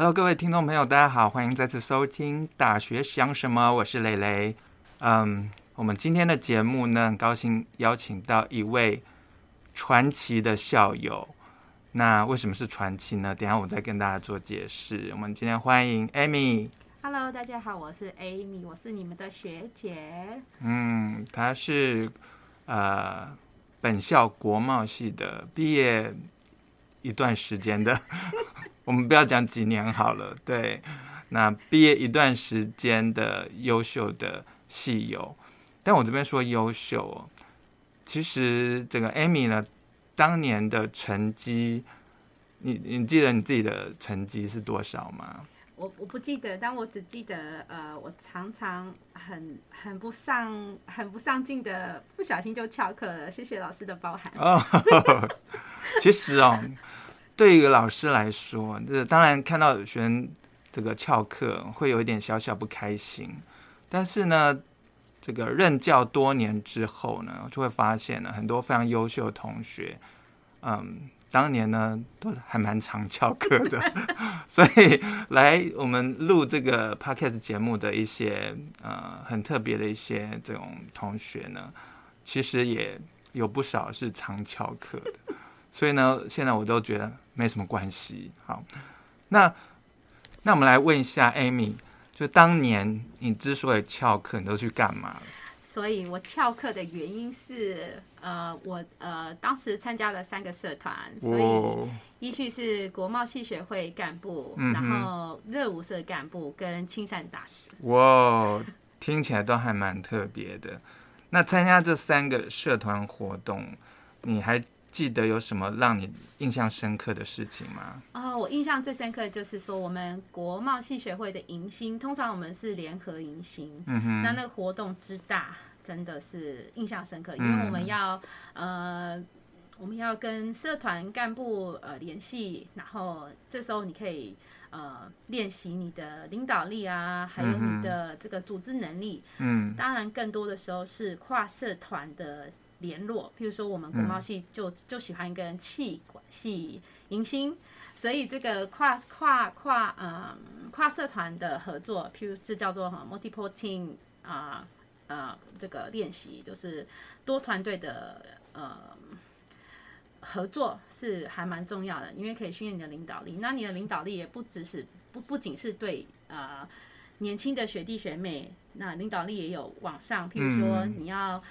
Hello，各位聽眾朋友，大家好，歡迎再次收聽《大學想什麼》，我是蕾蕾。嗯，我們今天的節目呢，很高興邀請到一位傳奇的校友。那為什麼是傳奇呢？等下我再跟大家做解釋。我們今天歡迎 Amy。Hello，大家好，我是 Amy，我是你們的學姐。嗯，她是呃本校國貿系的，畢業一段時間的。 我們不要講幾年好了，對，那畢業一段時間的優秀的系友，但我這邊說優秀哦，其實這個 Amy 呢，當年的成績，你你記得你自己的成績是多少嗎？我我不記得，但我只記得，呃，我常常很很不上很不上進的，不小心就翹課了，謝謝老師的包涵啊、哦。其實哦。 對於老師來說，這當然看到學生這個翹課會有一點小小不開心，但是呢，這個任教多年之後呢，就會發現呢，很多非常優秀的同學，嗯，當年呢都還蠻常翹課的，所以來我們錄這個 podcast 節目的一些呃很特別的一些這種同學呢，其實也有不少是常翹課的。所以呢，現在我都覺得沒什麼關係。好，那那我們來問一下 Amy，就當年你之所以翹課，你都去幹嘛了？所以，我翹課的原因是，呃，我呃當時參加了三個社團，哇所以依序是國貿系學會幹部，然後熱舞社幹部跟親善大使，嗯嗯。哇，聽起來都還蠻特別的。 那參加這三個社團活動，你還記得有什麼讓你印象深刻的事情嗎？哦，我印象最深刻的就是說，我們國貿系學會的迎新，通常我們是聯合迎新。嗯哼。那那個活動之大，真的是印象深刻，因為我們要、嗯、呃，我們要跟社團幹部呃聯繫，然後這時候你可以呃練習你的領導力啊，還有你的這個組織能力。嗯哼。當然，更多的時候是跨社團的。聯絡，譬如說我們國貿系就就喜歡跟企管系迎新，所以這個跨跨跨嗯跨社團的合作，譬如這叫做哈 multiporting 啊、呃、啊、呃、這個練習就是多團隊的呃合作是還蠻重要的，因為可以訓練你的領導力。那你的領導力也不只是不不僅是對啊、呃、年輕的學弟學妹，那領導力也有往上，譬如說你要。嗯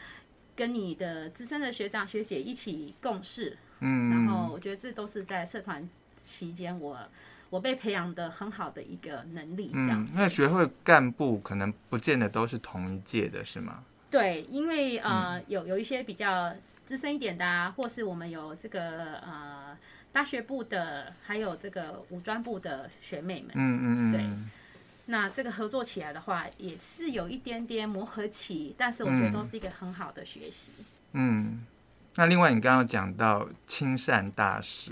跟你的資深的學長學姐一起共事，嗯，然後我覺得這都是在社團期間我我被培養的很好的一個能力，這樣。那、嗯、學會幹部可能不見得都是同一屆的，是嗎？對，因為呃，有有一些比較資深一點的、啊，或是我們有這個呃大學部的，還有這個五專部的學妹們，嗯嗯，嗯對。那這個合作起來的話，也是有一點點磨合期，但是我覺得都是一個很好的學習嗯。嗯，那另外你剛剛講到親善大使，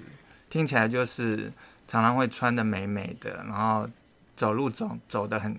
聽起來就是常常會穿的美美的，然後走路走走的很、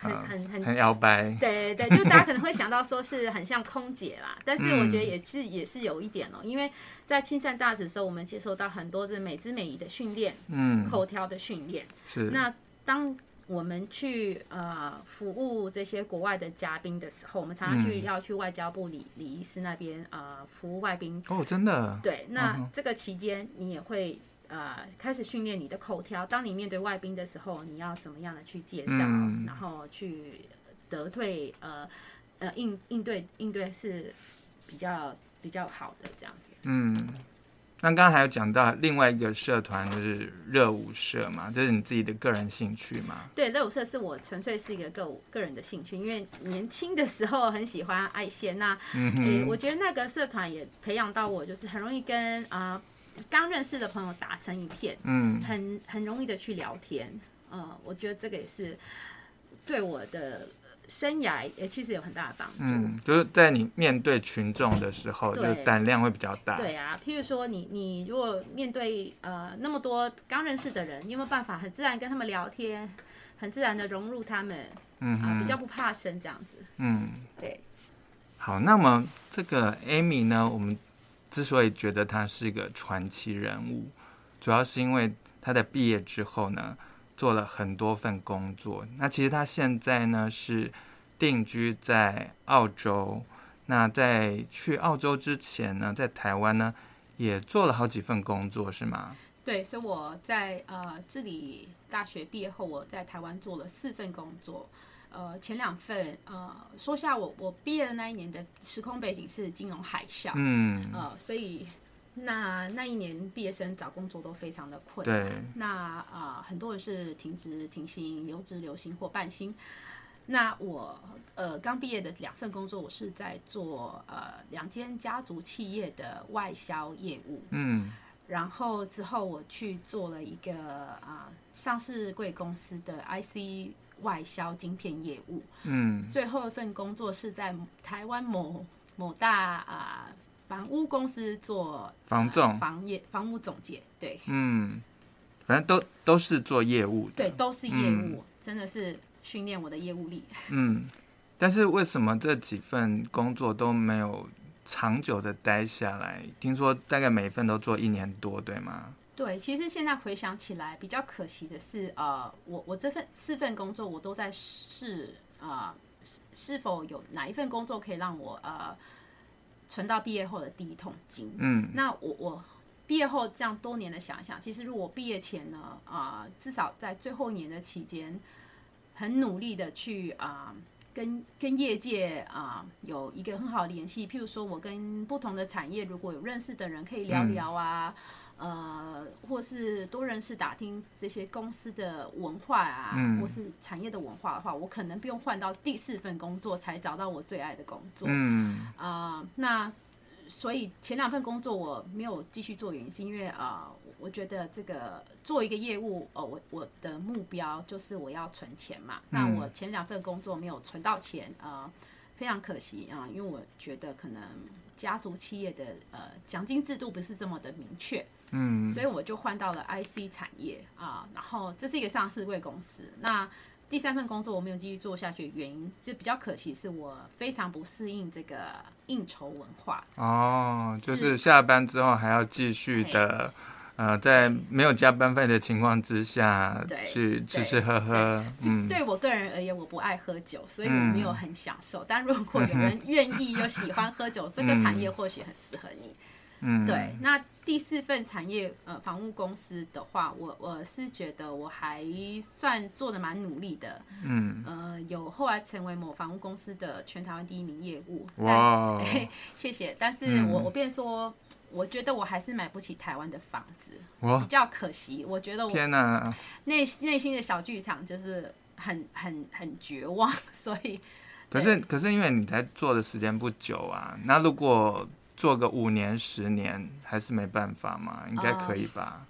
呃、很很很搖擺。對對對，就大家可能會想到說是很像空姐啦， 但是我覺得也是也是有一點哦，因為在親善大使的時候，我們接受到很多的美姿美儀的訓練，嗯，口條的訓練。是，那當。我們去呃服務這些國外的嘉賓的時候，我們常常去要去外交部李李醫師那邊啊、呃、服務外賓。哦，真的。對，那這個期間你也會呃開始訓練你的口條。當你面對外賓的時候，你要怎麼樣的去介紹，嗯、然後去得退呃呃應應對應對是比較比較好的這樣子。嗯。那剛剛還有講到另外一個社團就是熱舞社嘛，這、就是你自己的個人興趣嗎？對，熱舞社是我純粹是一個個個人的興趣，因為年輕的時候很喜歡愛現那嗯，哼嗯，我覺得那個社團也培養到我，就是很容易跟啊剛、呃、認識的朋友打成一片，嗯，很很容易的去聊天、呃，我覺得這個也是對我的生涯也其實有很大的幫助，嗯，就是在你面對群眾的時候，對就是膽量會比較大。對啊，譬如說你你如果面對呃那麼多剛認識的人，你有沒有辦法很自然跟他們聊天，很自然的融入他們？嗯啊哼、呃，比較不怕生這樣子。嗯，對。好，那麼這個 Amy 呢，我們之所以覺得她是一個傳奇人物，主要是因為她在畢業之後呢。做了很多份工作，那其實她現在呢是定居在澳洲。那在去澳洲之前呢，在台灣呢也做了好幾份工作，是嗎？對，所以我在呃致理大學畢業後，我在台灣做了四份工作。呃，前兩份呃說下我我畢業的那一年的時空背景是金融海嘯，嗯呃，所以。那那一年畢業生找工作都非常的困難。對那啊、呃，很多人是停職停薪、留職留薪或半薪。那我呃剛畢業的兩份工作，我是在做呃兩間家族企業的外銷業務。嗯。然後之後我去做了一個啊、呃、上市櫃公司的 IC 外銷晶片業務。嗯。最後一份工作是在台灣某某大啊，呃房屋公司做房總重、呃、房業房屋中介，對，嗯，反正都都是做業務的，對，都是業務，嗯、真的是訓練我的業務力。嗯，但是為什麼這幾份工作都沒有長久的待下來？聽說大概每一份都做一年多，對嗎？對，其實現在回想起來，比較可惜的是，呃，我我這份四份工作，我都在試，呃是，是否有哪一份工作可以讓我呃。存到畢業後的第一桶金。嗯，那我我畢業後這樣多年的想想，其實如果畢業前呢，啊、呃，至少在最後一年的期間，很努力的去啊、呃，跟跟業界啊、呃，有一個很好的聯繫。譬如說我跟不同的產業如果有認識的人，可以聊聊啊。嗯呃，或是多認識打聽這些公司的文化啊，嗯、或是產業的文化的話，我可能不用換到第四份工作才找到我最愛的工作。嗯啊、呃，那所以前兩份工作我沒有繼續做原因，是因為啊、呃，我覺得這個做一個業務哦、呃，我我的目標就是我要存錢嘛。嗯、那我前兩份工作沒有存到錢啊、呃，非常可惜啊、呃，因為我覺得可能。家族企業的呃獎金制度不是這麼的明確，嗯，所以我就換到了 IC 產業啊，然後這是一個上市櫃公司。那第三份工作我沒有繼續做下去，原因就比較可惜，是我非常不適應這個應酬文化哦，就是下班之後還要繼續的。呃，在沒有加班費的情況之下，對，去吃吃喝喝。嗯，對，就對我個人而言，我不愛喝酒，嗯、所以我沒有很享受。嗯、但如果有人願意又喜歡喝酒，嗯、這個產業或許很適合你。嗯，對。那第四份產業，呃，房屋公司的話，我我是覺得我還算做得蠻努力的。嗯。呃，有後來成為某房屋公司的全台灣第一名業務。哇、哦哎。謝謝。但是我、嗯、我便說。我覺得我還是買不起台灣的房子，oh, 比較可惜。我覺得我天吶，內內心的小劇場就是很很很絕望。所以，可是可是，對可是因為你才做的時間不久啊，那如果做個五年、十年，還是沒辦法嘛？應該可以吧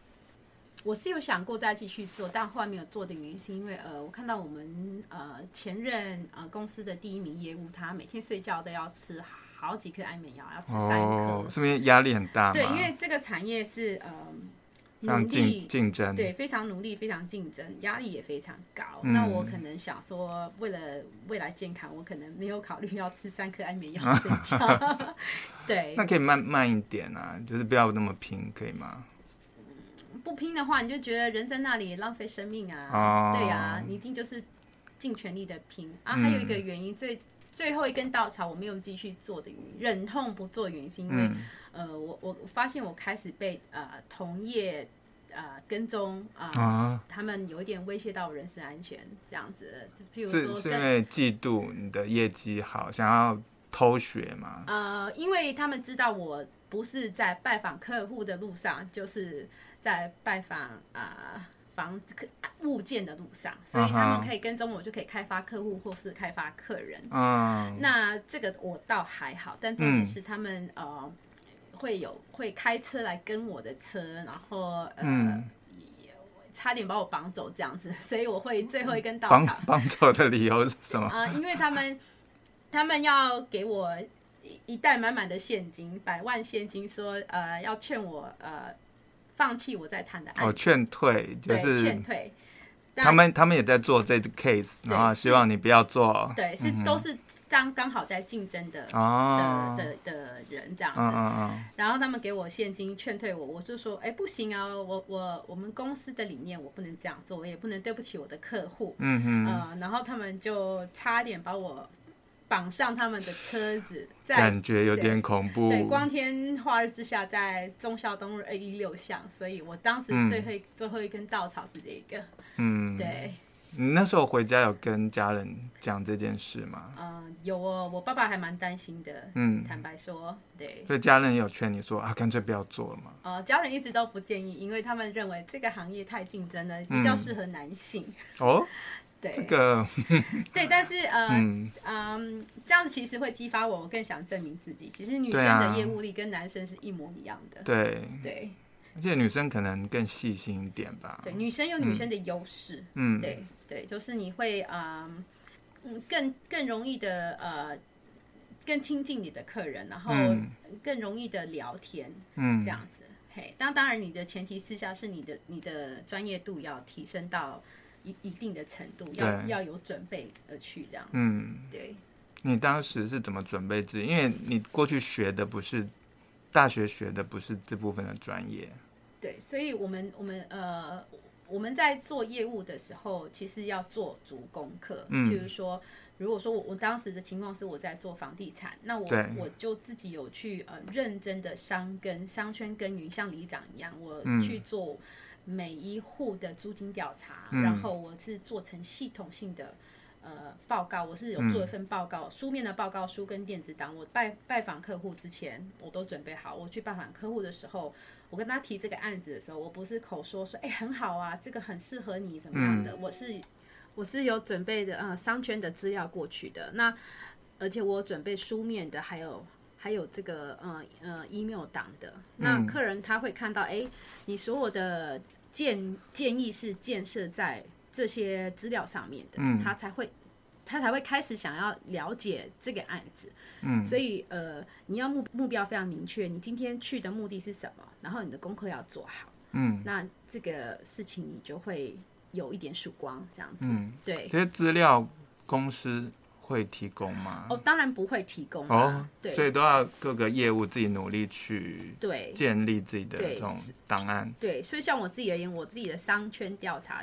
？Uh, 我是有想過再繼續做，但後來沒有做的原因，是因為呃，我看到我們呃前任呃公司的第一名業務，他每天睡覺都要吃。好幾顆安眠藥，要吃三顆，oh, 是不是壓力很大？對，因為這個產業是呃，非常競爭，對，非常努力，非常競爭，壓力也非常高。嗯、那我可能想說，為了未來健康，我可能沒有考慮要吃三顆安眠藥睡覺。 對，那可以慢慢一點啊，就是不要那麼拼，可以嗎？不拼的話，你就覺得人在那裡浪費生命啊。Oh. 對呀、啊，你一定就是盡全力的拼啊。嗯、還有一個原因，最最後一根稻草，我沒有繼續做的原因，忍痛不做原因，因為、嗯、呃，我我發現我開始被、呃、同業啊、呃、跟蹤、呃、啊，他們有一點威脅到我人身安全，這樣子，譬如說是，是因為嫉妒你的業績好，想要偷學嗎？呃，因為他們知道我不是在拜訪客戶的路上，就是在拜訪啊。呃房物件的路上，所以他們可以跟蹤我，就可以開發客戶或是開發客人。嗯、uh，huh. 那這個我倒還好，但重點是他們、嗯、呃會有會開車來跟我的車，然後呃、嗯、差點把我綁走這樣子，所以我會最後一根稻草、嗯。綁綁走的理由是什麼啊、呃？因為他們他們要給我一袋滿滿的現金，百萬現金說，說呃要勸我呃。放棄我在談的案，我、哦、勸退，就是勸退。但他們他們也在做這個 case，對然後希望你不要做。對，嗯、哼是都是剛剛好在競爭的的、哦、的的、的人這樣子。嗯嗯嗯，然後他們給我現金勸退我，我就說，哎、欸，不行啊，我我我們公司的理念，我不能這樣做，我也不能對不起我的客戶。嗯、嗯、呃、然後他們就差點把我。綁上他們的車子，在感覺有點恐怖，對。對，光天化日之下，在忠孝東路 A 一六巷，所以我當時最後、嗯，最後一根稻草是這個。嗯，對。你那時候回家有跟家人講這件事嗎？啊、呃，有哦，我爸爸還蠻擔心的。嗯，坦白說，對。所以家人也有勸你說啊，乾脆不要做了嘛、呃。家人一直都不建議，因為他們認為這個行業太競爭了，比較適合男性。哦、嗯。Oh? 對這個 對，但是、呃、嗯，嗯，這樣子其實會激發我，我更想證明自己。其實女生的業務力跟男生是一模一樣的，對、啊、對，對而且女生可能更細心一點吧。對，女生有女生的優勢，嗯，對對，就是你會啊嗯、呃、更更容易的呃更親近你的客人，然後更容易的聊天，嗯，這樣子。嗯、嘿，那當然你的前提之下是你的你的專業度要提升到。一一定的程度要對要有準備而去這樣，嗯，對。你當時是怎麼準備自己？因為你過去學的不是大學學的不是這部分的專業。對，所以我，我們我們呃我們在做業務的時候，其實要做足功課。嗯。就是說，如果說我我當時的情況是我在做房地產，那我對我就自己有去呃認真的商跟商圈耕耘，像里長一樣，我去做。嗯每一戶的租金調查，嗯、然後我是做成系統性的呃報告，我是有做一份報告，嗯、書面的報告書跟電子檔，我拜拜訪客戶之前我都準備好，我去拜訪客戶的時候，我跟他提這個案子的時候，我不是口說說哎很好啊，這個很適合你怎麼樣的，嗯、我是我是有準備的啊、呃、商圈的資料過去的，那而且我準備書面的，還有還有這個嗯嗯、呃呃、email 檔的，那客人他會看到哎、嗯、你所有的。建建議是建設在這些資料上面的，嗯，他才會，他才會開始想要了解這個案子，嗯，所以呃，你要目目標非常明確，你今天去的目的是什麼，然後你的功課要做好，嗯，那這個事情你就會有一點曙光，這樣子，嗯，對，這些資料公司。會提供嗎？哦，oh, 當然不會提供。哦，oh, 對，所以都要各個業務自己努力去對建立自己的這種檔案對。對，所以像我自己而言，我自己的商圈調查，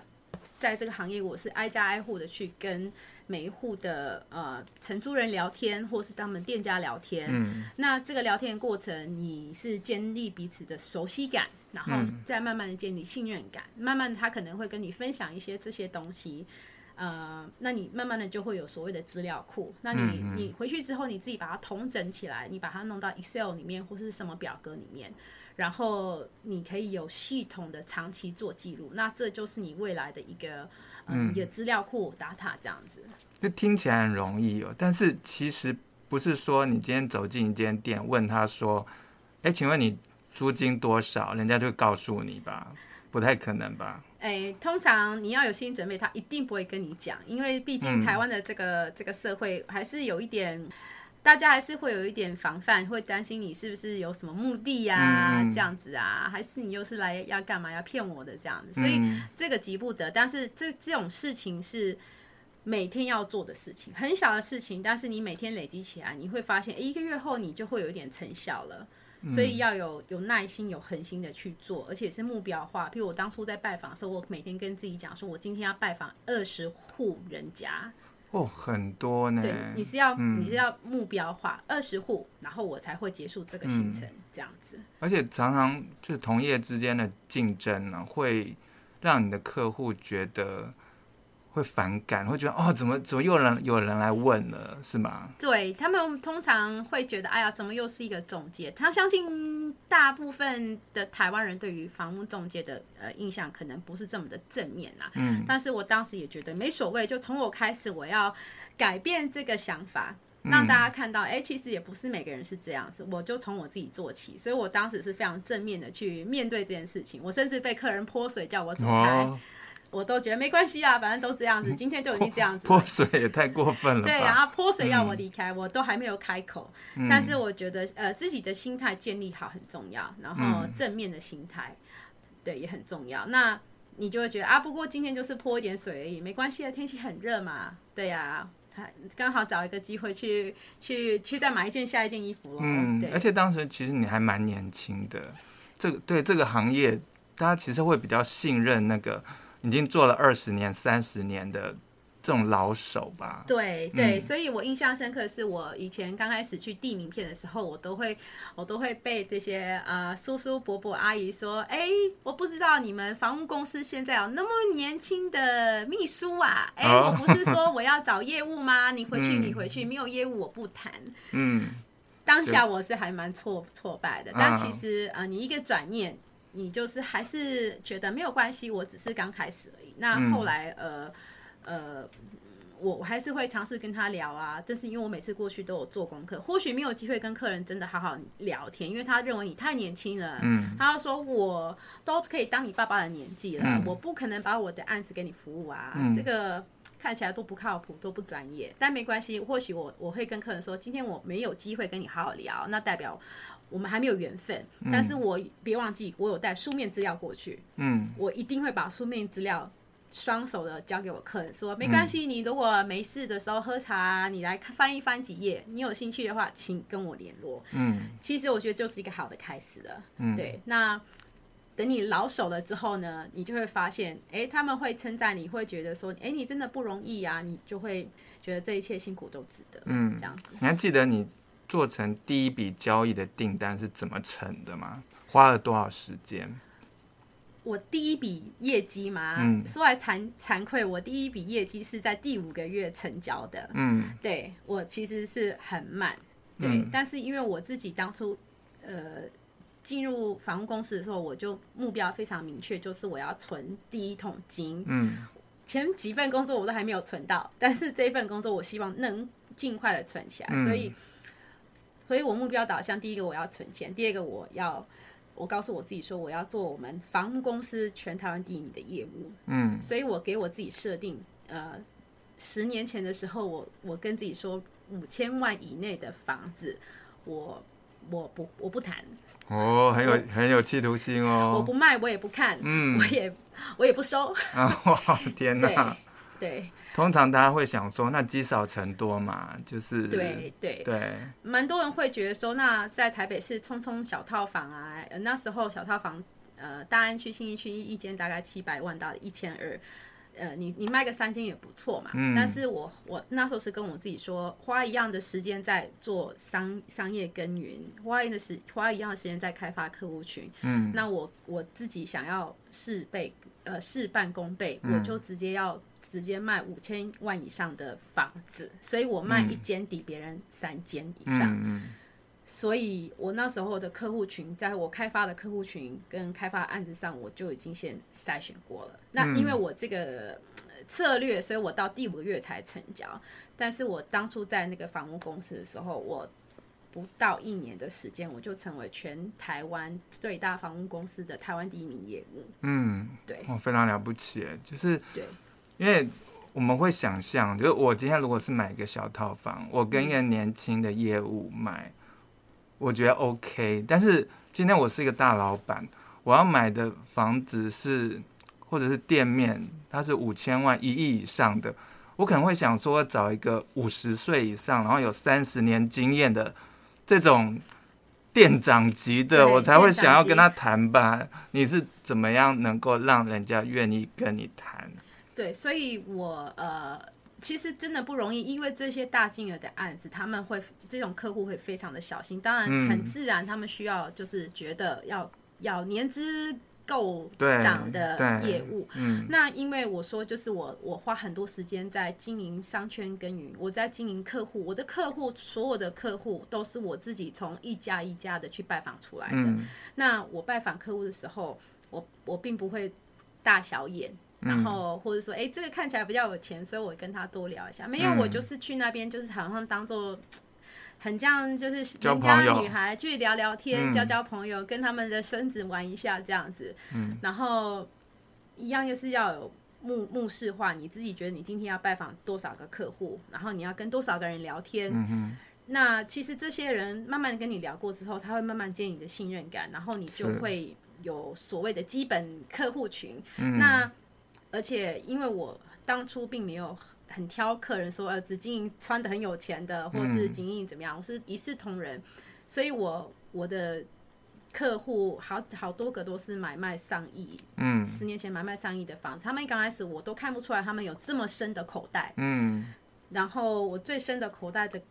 在這個行業我是挨家挨戶的去跟每一戶的呃承租人聊天，或是他們店家聊天。嗯，那這個聊天過程，你是建立彼此的熟悉感，然後再慢慢的建立信任感，嗯、慢慢他可能會跟你分享一些這些東西。呃，那你慢慢的就會有所謂的資料庫。那你你回去之後，你自己把它統整起來，你把它弄到 Excel 裡面或是什麼表格裡面，然後你可以有系統的長期做記錄。那這就是你未來的一個一個資料庫打卡這樣子、嗯。就聽起來很容易哦，但是其實不是說你今天走進一間店問他說：“哎、欸，請問你租金多少？”人家就會告訴你吧。不太可能吧？誒、欸，通常你要有心理準備，他一定不會跟你講，因為畢竟台灣的這個、嗯、這個社會還是有一點，大家還是會有一點防範，會擔心你是不是有什麼目的呀、啊，嗯嗯、這樣子啊，還是你又是來要幹嘛要騙我的這樣子，嗯、所以這個急不得。但是這這種事情是每天要做的事情，很小的事情，但是你每天累積起來，你會發現、欸、一個月後你就會有一點成效了。所以要有有耐心、有恆心的去做，而且是目標化。比如我當初在拜訪時，我每天跟自己講，說我今天要拜訪二十戶人家。哦，很多呢、欸。對，你是要、嗯、你是要目標化二十戶，然後我才會結束這個行程這樣子。嗯、而且常常就是同業之間的競爭呢、啊，會讓你的客戶覺得。會反感，會覺得哦，怎麼怎麼又人有人來問了，是嗎？對，他們通常會覺得，哎呀，怎麼又是一個中介？他相信大部分的台灣人對於房屋中介的呃印象可能不是這麼的正面啦。嗯。但是我當時也覺得沒所謂，就從我開始，我要改變這個想法，嗯、讓大家看到，哎，其實也不是每個人是這樣子。我就從我自己做起，所以我當時是非常正面的去面對這件事情。我甚至被客人潑水，叫我走開。哦我都覺得沒關係啊，反正都這樣子，今天就已經這樣子。潑水也太過分了。 對、啊，然後潑水要我離開，嗯、我都還沒有開口。嗯、但是我覺得，呃，自己的心態建立好很重要，然後正面的心態，嗯、對也很重要。那你就會覺得啊，不過今天就是潑一點水而已，沒關係啊，天氣很熱嘛。對呀、啊，他剛好找一個機會去去去再買一件下一件衣服了。嗯，對而且當時其實你還蠻年輕的，這個對這個行業，大家其實會比較信任那個。已經做了二十年、三十年的這種老手吧對。對對，所以我印象深刻，是我以前剛開始去遞名片的時候，我都會我都會被這些呃叔叔、蘇蘇伯伯、阿姨說：“哎，我不知道你們房屋公司現在有那麼年輕的秘書啊！哎，我不是說我要找業務嗎？Oh、你回去， 嗯、你回去，沒有業務我不談。”嗯，當下我是還蠻挫挫敗的。但其實啊、uh. 呃，你一個轉念。你就是還是覺得沒有關係，我只是剛開始而已。那後來，呃、嗯、呃，我、呃、我還是會嘗試跟他聊啊。但是因為我每次過去都有做功課，或許沒有機會跟客人真的好好聊天，因為他認為你太年輕了。嗯、他要說我都可以當你爸爸的年紀了，嗯、我不可能把我的案子給你服務啊。嗯、這個。看起來都不靠譜，都不專業，但沒關係。或許我我會跟客人說，今天我沒有機會跟你好好聊，那代表我們還沒有緣分。嗯、但是我別忘記，我有帶書面資料過去。嗯，我一定會把書面資料雙手的交給我客人，說沒關係，嗯、你如果沒事的時候喝茶，你來看翻一翻幾頁，你有興趣的話，請跟我聯絡。嗯，其實我覺得就是一個好的開始了。嗯，對，那。等你老手了之後呢，你就會發現，哎、欸，他們會稱讚你，會覺得說，哎、欸，你真的不容易啊。你就會覺得這一切辛苦都值得。嗯，這樣子。你還記得你做成第一筆交易的訂單是怎麼成的嗎？花了多少時間？我第一筆業績嘛，嗯，說來慚慚愧，我第一筆業績是在第五個月成交的。嗯，對，我其實是很慢，對，嗯、但是因為我自己當初，呃。進入房屋公司的時候，我就目標非常明確，就是我要存第一桶金。嗯，前幾份工作我都還沒有存到，但是這一份工作，我希望能盡快的存起來。所以，所以我目標導向，第一個我要存錢，第二個我要，我告訴我自己說，我要做我們房屋公司全台灣第一名的業務。嗯，所以我給我自己設定，呃，十年前的時候，我我跟自己說，五千萬以內的房子，我我不我不談。哦，很有很有企圖心哦！我不賣，我也不看，嗯，我也我也不收。啊，天哪！對，對，通常大家會想說，那積少成多嘛，就是對對對，對對蠻多人會覺得說，那在台北市沖沖小套房啊，那時候小套房，呃，大安區、信義區一間大概七百萬到一千二。1, 呃、你你賣個三間也不錯嘛，嗯、但是我我那時候是跟我自己說，花一樣的時間在做商商業耕耘，花一樣的時花一樣的時間在開發客戶群。嗯，那我我自己想要事倍、呃、事半功倍，嗯、我就直接要直接賣五千萬以上的房子，所以我賣一間抵別人三間以上。嗯嗯嗯所以我那時候的客戶群，在我開發的客戶群跟開發案子上，我就已經先篩選過了。嗯、那因為我這個策略，所以我到第五個月才成交。但是我當初在那個房屋公司的時候，我不到一年的時間，我就成為全台灣最大房屋公司的台灣第一名業務。嗯，對，我非常了不起，就是對，因為我們會想象，就是我今天如果是買一個小套房，我跟一個年輕的業務買。嗯我覺得 OK，但是今天我是一個大老闆，我要買的房子是或者是店面，它是五千萬一億以上的，我可能會想說找一個五十歲以上，然後有三十年經驗的這種店長級的，對我才會想要跟他談吧。對你是怎麼樣能夠讓人家願意跟你談？對，所以我呃。其實真的不容易，因為這些大金額的案子，他們會這種客戶會非常的小心。當然，很自然，他們需要就是覺得要、嗯、要年資夠長的業務。嗯、那因為我說，就是我我花很多時間在經營商圈耕耘，我在經營客戶。我的客戶，所有的客戶都是我自己從一家一家的去拜訪出來的。嗯、那我拜訪客戶的時候，我我並不會大小眼。然後或者說，哎、欸，這個看起來比較有錢，所以我跟他多聊一下。沒有，嗯、我就是去那邊，就是好像當做很像，就是人家女孩去聊聊天，交朋交、交、嗯、交朋友，跟他們的孫子玩一下這樣子。嗯，然後一樣就是要有目目視化，你自己覺得你今天要拜訪多少個客戶，然後你要跟多少個人聊天。嗯、哼那其實這些人慢慢跟你聊過之後，他會慢慢建立你的信任感，然後你就會有所謂的基本客戶群。嗯、那而且因為我當初並沒有很挑客人，說呃只經營穿得很有錢的，或是經營怎麼樣，我是一視同仁。所以我我的客戶好好多個都是買賣上億，嗯，十年前買賣上億的房子，他們剛開始我都看不出來他們有這麼深的口袋。嗯，然後我最深的口袋的。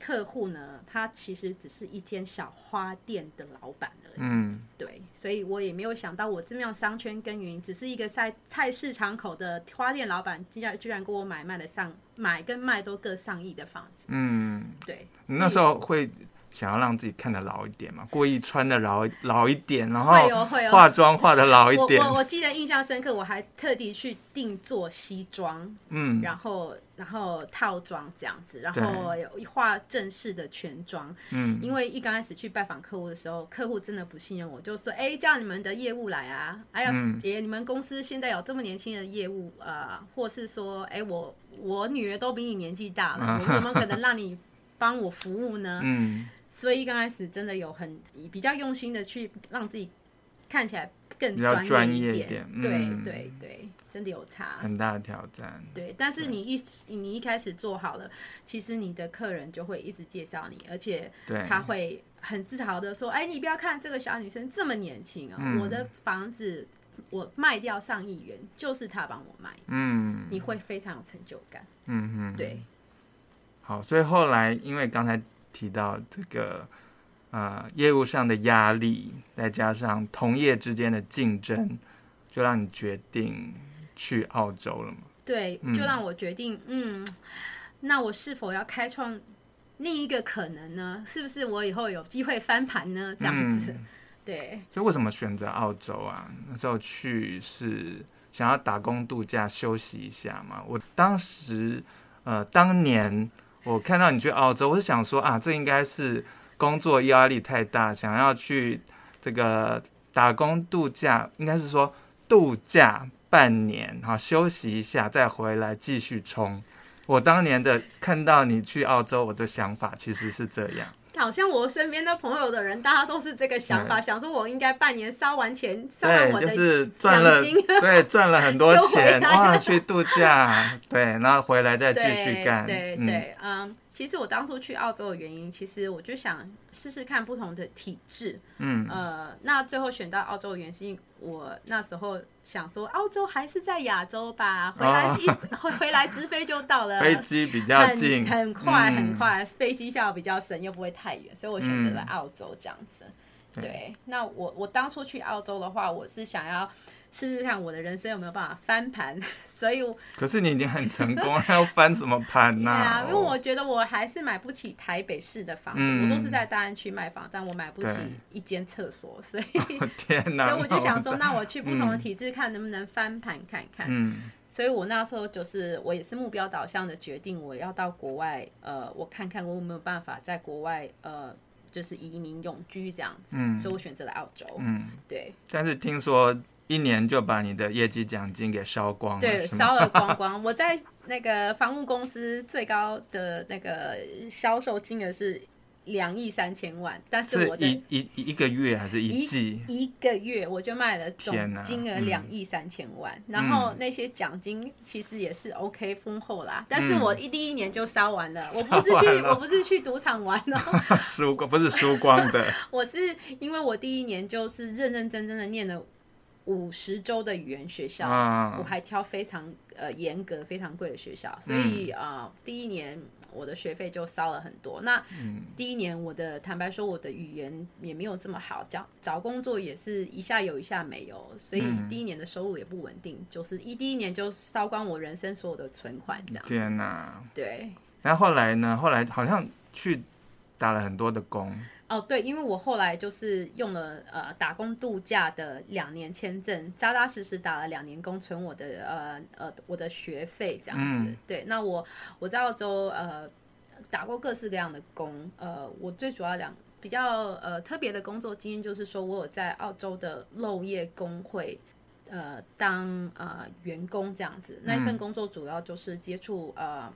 客戶呢，他其實只是一間小花店的老闆而已。嗯，對，所以我也沒有想到，我這麼商圈耕耘，只是一個在菜市場口的花店老闆，居然居然跟我買賣了上買跟賣都各上億的房子。嗯，對，那時候會。想要讓自己看得老一點嘛，故意穿得老老一點，然後化妝化得老一點。會有會有我我，我記得印象深刻，我還特地去定做西裝，嗯，然後然後套裝這樣子，然後畫正式的全妝，嗯對，因為一剛開始去拜訪客戶的時候，嗯、客戶真的不信任我，就說，哎、欸，叫你們的業務來啊，哎呀、嗯、姐，你們公司現在有這麼年輕的業務啊、呃，或是說，哎、欸、我我女兒都比你年紀大了，你、啊、怎麼可能讓你幫我服務呢？嗯。所以一剛開始真的有很比較用心的去讓自己看起來更專業一點，一點對、嗯、對對，對，真的有差，很大的挑戰。對，但是你一對你一開始做好了，其實你的客人就會一直介紹你，而且他會很自豪的說：“哎對、欸，你不要看這個小女生這麼年輕啊、喔，嗯、我的房子我賣掉上億元，就是他幫我賣。”嗯，你會非常有成就感。嗯嗯哼，對。好，所以後來因為剛才。提到這個啊、呃，業務上的壓力，再加上同業之間的競爭，就讓你決定去澳洲了嗎？對，嗯、就讓我決定，嗯，那我是否要開創另一個可能呢？是不是我以後有機會翻盤呢？這樣子，嗯、對。所以為什麼選擇澳洲啊？那時候去是想要打工度假休息一下嘛。我當時，呃，當年。我看到你去澳洲，我是想說啊，這應該是工作壓力太大，想要去這個打工度假，應該是說度假半年，好，休息一下再回來繼續衝。我當年的看到你去澳洲，我的想法其實是這樣。好像我身邊的朋友的人，大家都是這個想法，對想說我應該半年燒完錢，燒完我的獎金，對，賺、就是、了，呵賺了很多錢，然後去度假， 對，然後回來再繼續幹。對、嗯、對，嗯、呃，其實我當初去澳洲的原因，其實我就想試試看不同的體制。嗯，呃，那最後選到澳洲的原因。我那時候想說，澳洲還是在亞洲吧，回來一回、oh. 回來直飛就到了， 飛機比較近，很，很快、嗯、很快，飛機票比較省，又不會太遠，所以我選擇了澳洲這樣子。嗯、對，那我我當初去澳洲的話，我是想要。試試看我的人生有沒有辦法翻盤，所以。可是你已經很成功了，還要翻什麼盤呢？對啊，因為我覺得我還是買不起台北市的房子，我都是在大安區賣房，但我買不起一間廁所，所以。天吶，所以我就想說，那我去不同的體制看能不能翻盤看看。嗯。所以我那時候就是我也是目標導向的決定，我要到國外呃，我看看我有沒有辦法在國外呃，就是移民永居這樣子。所以我選擇了澳洲。嗯。對。但是聽說。一年就把你的業績獎金給燒光了，對，嗎燒了光光。我在那個房屋公司最高的那個銷售金額是兩億三千萬，但是我的一一,一,一個月還是一季一,一個月我就賣了總金額兩億三千萬，嗯、然後那些獎金其實也是 OK 豐厚啦，但是我一第一年就燒完了，嗯、我不是去我不是去賭場玩哦，輸光 不是輸光的， 我是因為我第一年就是認認真真的念了。五十周的語言學校，啊、我還挑非常呃嚴格、非常貴的學校，所以啊、嗯呃，第一年我的學費就燒了很多。那第一年我的、嗯、坦白說，我的語言也沒有這麼好，找找工作也是一下有一下沒有，所以第一年的收入也不穩定，嗯、就是一第一年就燒光我人生所有的存款，這樣。天、啊、對。然後後來呢？後來好像去打了很多的工。哦，oh, 對，因為我後來就是用了呃打工度假的兩年簽證，扎扎實實打了兩年工，存我的呃呃我的學費這樣子。嗯、對，那我我在澳洲呃打過各式各樣的工，呃，我最主要兩比較呃特別的工作經驗就是說，我有在澳洲的肉業工會呃當呃員工這樣子，嗯、那一份工作主要就是接觸呃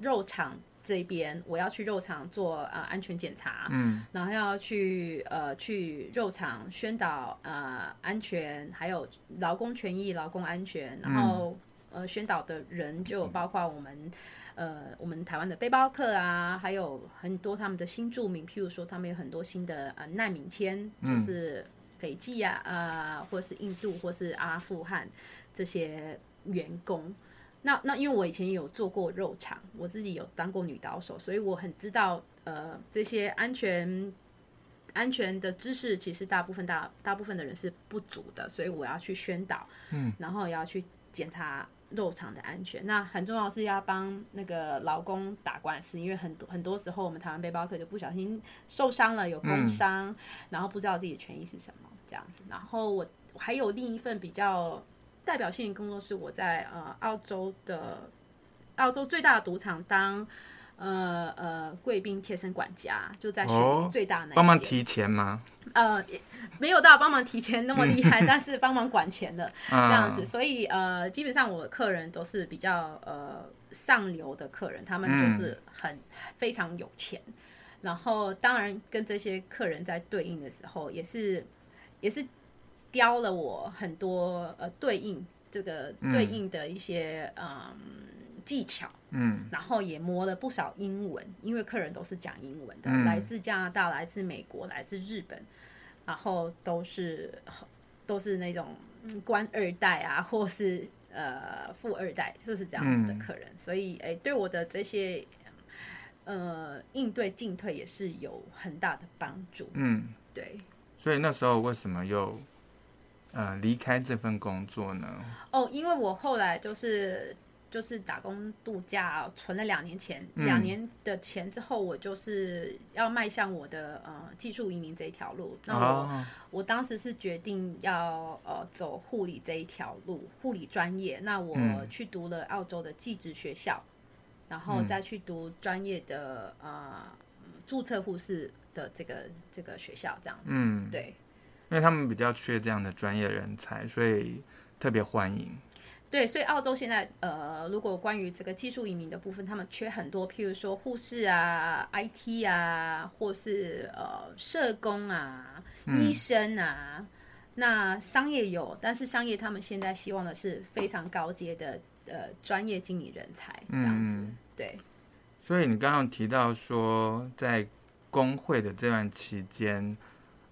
肉廠。這邊我要去肉廠做啊、呃、安全檢查，嗯，然後要去呃去肉廠宣導啊、呃、安全，還有勞工權益、勞工安全。然後、嗯、呃宣導的人就包括我們、嗯、呃我們台灣的背包客啊，還有很多他們的新住民，譬如說他們有很多新的啊、呃、難民簽，嗯、就是斐濟啊，啊、呃，或是印度，或是阿富汗這些員工。那那，那因為我以前有做過肉場，我自己有當過女刀手，所以我很知道，呃，這些安全安全的知識，其實大部分大大部分的人是不足的，所以我要去宣導，嗯，然後要去檢查肉場的安全。嗯、那很重要是要幫那個勞工打官司，因為很多很多時候我們台灣背包客就不小心受傷了，有工傷，嗯、然後不知道自己的權益是什麼這樣子。然後我，我還有另一份比較。代表性的工作是我在呃澳洲，的澳洲最大的賭場當呃呃貴賓貼身管家，就在學最大的那一間，哦、幫忙提錢嗎？呃，也沒有到幫忙提錢那麼厲害， 但是幫忙管錢的 這樣子。所以呃，基本上我的客人都是比較呃上流的客人，他們就是很、嗯、非常有錢。然後當然跟這些客人在對應的時候也，也是也是。雕了我很多呃，對應這個對應的一些嗯，嗯技巧，嗯，然後也磨了不少英文，因為客人都是講英文的，嗯、來自加拿大、來自美國、來自日本，然後都是都是那種官二代啊，或是呃富二代，就是這樣子的客人，嗯、所以哎、欸，對我的這些呃應對進退也是有很大的幫助，嗯，對，所以那時候為什麼又？呃，離開這份工作呢？哦，oh, 因為我後來就是就是打工度假，存了兩年錢，嗯、兩年的錢之後，我就是要邁向我的呃技術移民這一條路。Oh. 那我我當時是決定要呃走護理這一條路，護理專業。那我去讀了澳洲的技職學校，嗯、然後再去讀專業的呃註冊護士的這個這個學校，這樣子。嗯，對。因為他們比較缺這樣的專業人才，所以特別歡迎。對，所以澳洲現在呃，如果關於這個技術移民的部分，他們缺很多，譬如說護士啊、IT 啊，或是呃社工啊、嗯、醫生啊。那商業有，但是商業他們現在希望的是非常高階的呃專業經理人才這樣子。嗯、對。所以你剛剛提到說，在工會的這段期間，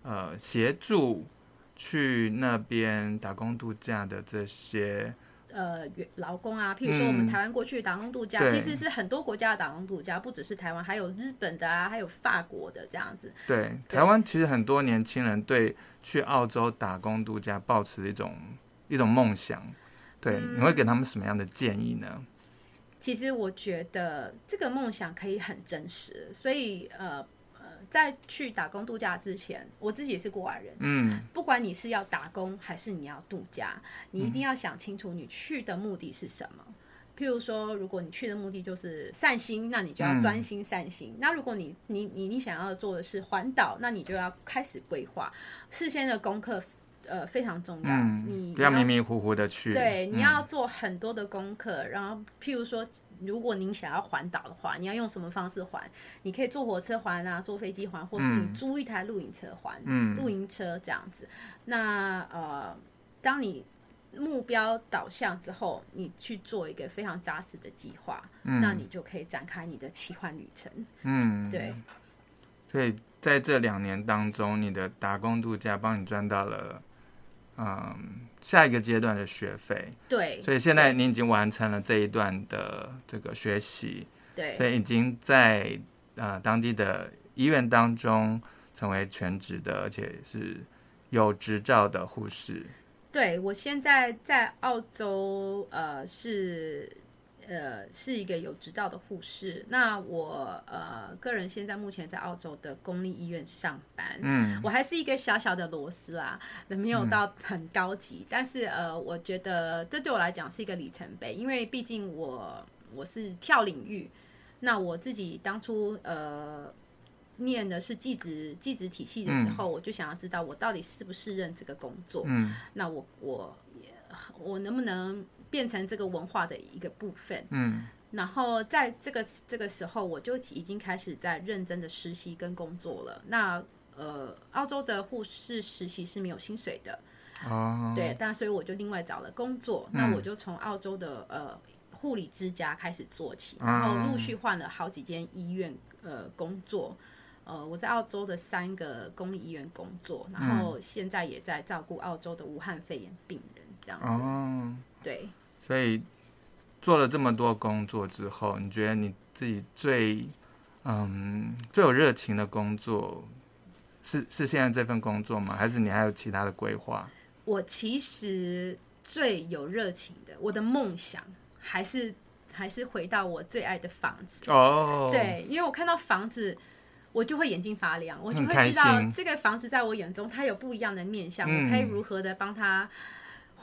呃，協助去那邊打工度假的這些呃員工啊，譬如說我們台灣過去打工度假，嗯、其實是很多國家的打工度假，不只是台灣，還有日本的啊，還有法國的這樣子。對，對台灣其實很多年輕人對去澳洲打工度假抱持一種一種夢想。對，嗯、你會給他們什麼樣的建議呢？其實我覺得這個夢想可以很真實，所以呃。在去打工度假之前，我自己也是過來人。嗯，不管你是要打工還是你要度假，你一定要想清楚你去的目的是什麼。嗯、譬如說，如果你去的目的就是散心，那你就要專心散心。嗯、那如果你你你你想要做的是環島，那你就要開始規劃，事先的功課。呃，非常重要。嗯、你不要迷迷糊糊的去。對，嗯、你要做很多的功課。然後，譬如說，如果您想要環島的話，你要用什麼方式環？你可以坐火車環啊，坐飛機環，或是你租一台露營車環。嗯，露營車這樣子。那呃，當你目標導向之後，你去做一個非常紮實的計劃，嗯、那你就可以展開你的奇幻旅程。嗯，對。所以在這兩年當中，你的打工度假幫你賺到了。嗯，下一個階段的學費。對，所以現在你已經完成了這一段的這個學習，對，所以已經在、呃、當地的醫院當中成為全職的，而且是有執照的護士。對，我現在在澳洲，呃，是。呃，是一個有執照的護士。那我呃，個人現在目前在澳洲的公立醫院上班。嗯，我還是一個小小的螺絲啦，沒有到很高級。嗯、但是呃，我覺得這對我來講是一個里程碑，因為畢竟我我是跳領域。那我自己當初呃念的是技職技職體系的時候，嗯、我就想要知道我到底適不適任這個工作。嗯，那我我我能不能？變成這個文化的一個部分。嗯，然後在這個這個時候，我就已經開始在認真的實習跟工作了。那呃，澳洲的護士實習是沒有薪水的。哦，對，但所以我就另外找了工作。嗯，那我就從澳洲的呃護理之家開始做起，然後陸續換了好幾間醫院呃工作。呃，我在澳洲的三個公立醫院工作，然後現在也在照顧澳洲的武漢肺炎病人。這樣哦，對，所以做了這麼多工作之後，你覺得你自己最嗯最有熱情的工作是是現在這份工作嗎？還是你還有其他的規劃？我其實最有熱情的，我的夢想還是還是回到我最愛的房子哦。對，因為我看到房子，我就會眼睛發亮，我就會知道這個房子在我眼中它有不一樣的面向，嗯、我可以如何的幫它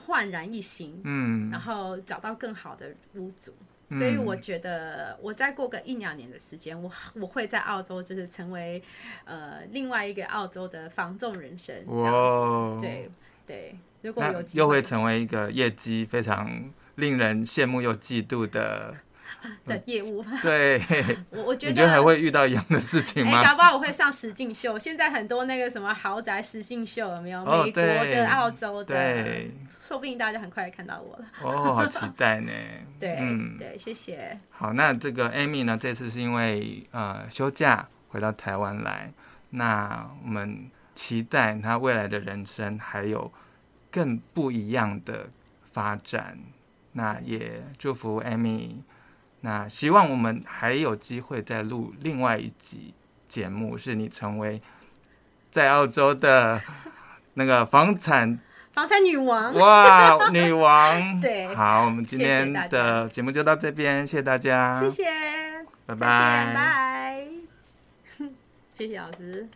煥然一新，嗯，然後找到更好的屋主，嗯，所以我覺得我再過個一兩年的時間，我我會在澳洲就是成為，呃，另外一個澳洲的房仲人生，哦，這樣對對，如果有機會，又會成為一個業績非常令人羨慕又嫉妒的。的業務、嗯、對， 我我覺得，覺得還會遇到一樣的事情嗎？哎、欸，搞不好我會上實境秀，現在很多那個什麼豪宅實境秀有沒有、哦、美國的、對澳洲的對、嗯，說不定大家很快就看到我了。哦，好期待呢。 對，嗯、對，謝謝。好，那這個艾米呢，這次是因為呃休假回到台灣來，那我們期待她未來的人生還有更不一樣的發展。那也祝福艾米，那希望我們還有機會再錄另外一集節目，是你成為在澳洲的那個房產、房產女王哇！ 女王對。好，我們今天的節目就到這邊，謝謝大家，謝謝，拜拜 bye，拜， 謝謝老師。